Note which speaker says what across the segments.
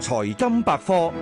Speaker 1: 財金百科，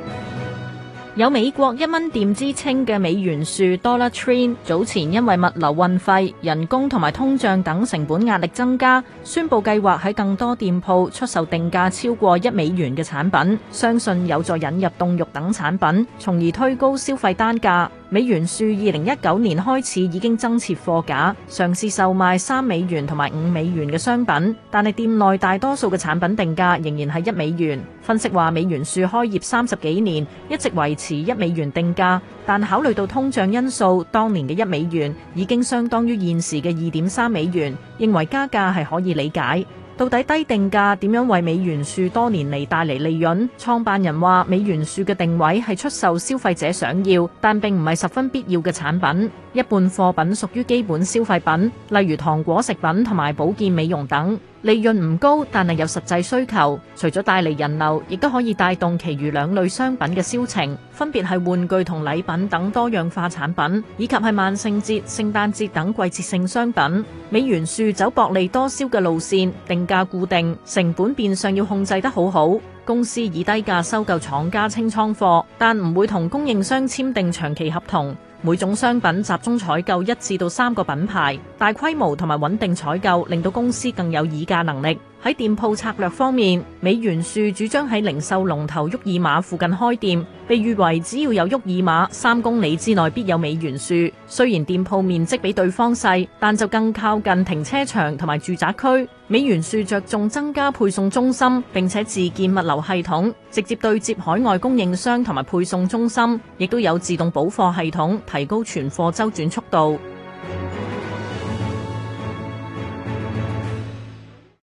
Speaker 1: 有美國一蚊店之稱嘅美元樹 Dollar Tree，早前因為物流運費、人工同埋通脹等成本壓力增加，宣布計劃喺更多店鋪出售定價超過一美元嘅產品，相信有助引入凍肉等產品，從而推高消費單價。美元樹二零一九年開始已經增設貨架，嘗試售賣三美元同埋五美元嘅商品，但係店內大多數嘅產品定價仍然係一美元。分析話，美元樹開業三十幾年，一直維持一美元定價，但考慮到通脹因素，當年嘅一美元已經相當於現時嘅二點三美元，認為加價係可以理解。到底低定價點樣為美元樹多年嚟帶嚟利潤？創辦人話：美元樹嘅定位係出售消費者想要，但並唔係十分必要嘅產品。一半貨品屬於基本消費品，例如糖果、食品同埋保健美容等。利潤唔高，但係有實際需求。除咗帶嚟人流，亦都可以帶動其餘兩類商品嘅銷情。分別係玩具同禮品等多樣化產品，以及係萬聖節、聖誕節等季節性商品。美元樹走薄利多銷嘅路線，定價固定，成本變相要控制得好好。公司以低價收購廠家清倉貨，但唔會同供應商簽訂長期合同。每種商品集中採購一至到三個品牌，大規模同埋穩定採購，令到公司更有議價能力。喺店鋪策略方面，美元樹主張喺零售龍頭沃爾瑪附近開店，被譽為只要有沃爾瑪三公里之內必有美元樹。雖然店鋪面積比對方細，但就更靠近停車場同埋住宅區。美元樹着重增加配送中心，並且自建物流系統，直接對接海外供應商同埋配送中心，亦都有自動補貨系統，提高存貨周轉速度。